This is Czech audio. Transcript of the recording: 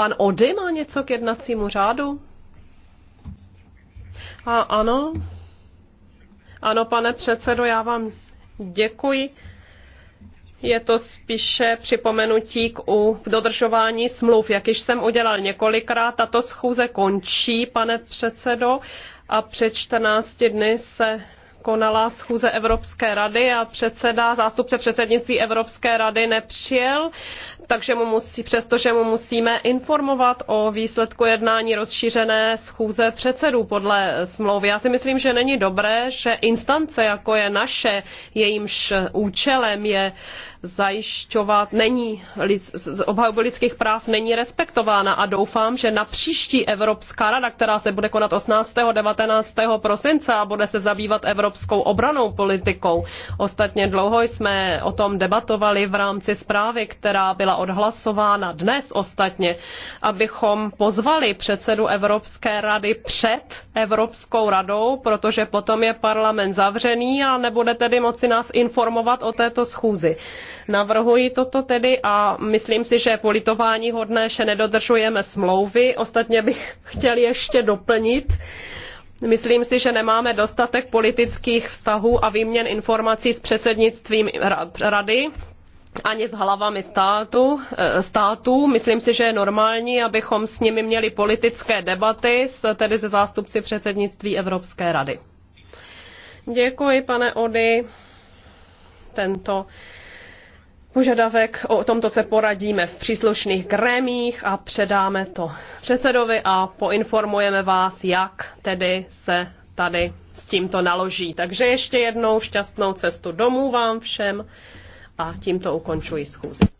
Pan Ody má něco k jednacímu řádu? A ano. Ano, pane předsedo, já vám děkuji. Je to spíše připomenutí k u dodržování smluv. Jak již jsem udělal několikrát, tato schůze končí, pane předsedo, a před 14 dny se konala schůze Evropské rady a předseda, zástupce předsednictví Evropské rady nepřijel, takže mu musí, přestože mu musíme informovat o výsledku jednání rozšířené schůze předsedů podle smlouvy. Já si myslím, že není dobré, že instance, jako je naše, jejímž účelem je zajišťovat, není, obhajoby lidských práv není respektována a doufám, že na příští Evropská rada, která se bude konat 18. 19. prosince a bude se zabývat Evropskou evropskou obranou politikou. Ostatně dlouho jsme o tom debatovali v rámci zprávy, která byla odhlasována dnes ostatně, abychom pozvali předsedu Evropské rady před Evropskou radou, protože potom je parlament zavřený a nebude tedy moci nás informovat o této schůzi. Navrhuji toto tedy a myslím si, že je politování hodné, že nedodržujeme smlouvy. Ostatně bych chtěl ještě doplnit, Myslím si, že nemáme dostatek politických vztahů a výměn informací s předsednictvím rady ani s hlavami státu, eh, států. Myslím si, že je normální, abychom s nimi měli politické debaty, tedy se zástupci předsednictví Evropské rady. Děkuji, pane Ody. Tento požadavek, o tomto se poradíme v příslušných grémích a předáme to předsedovi a poinformujeme vás, jak tedy se tady s tímto naloží. Takže ještě jednou šťastnou cestu domů vám všem a tímto ukončuji schůzi.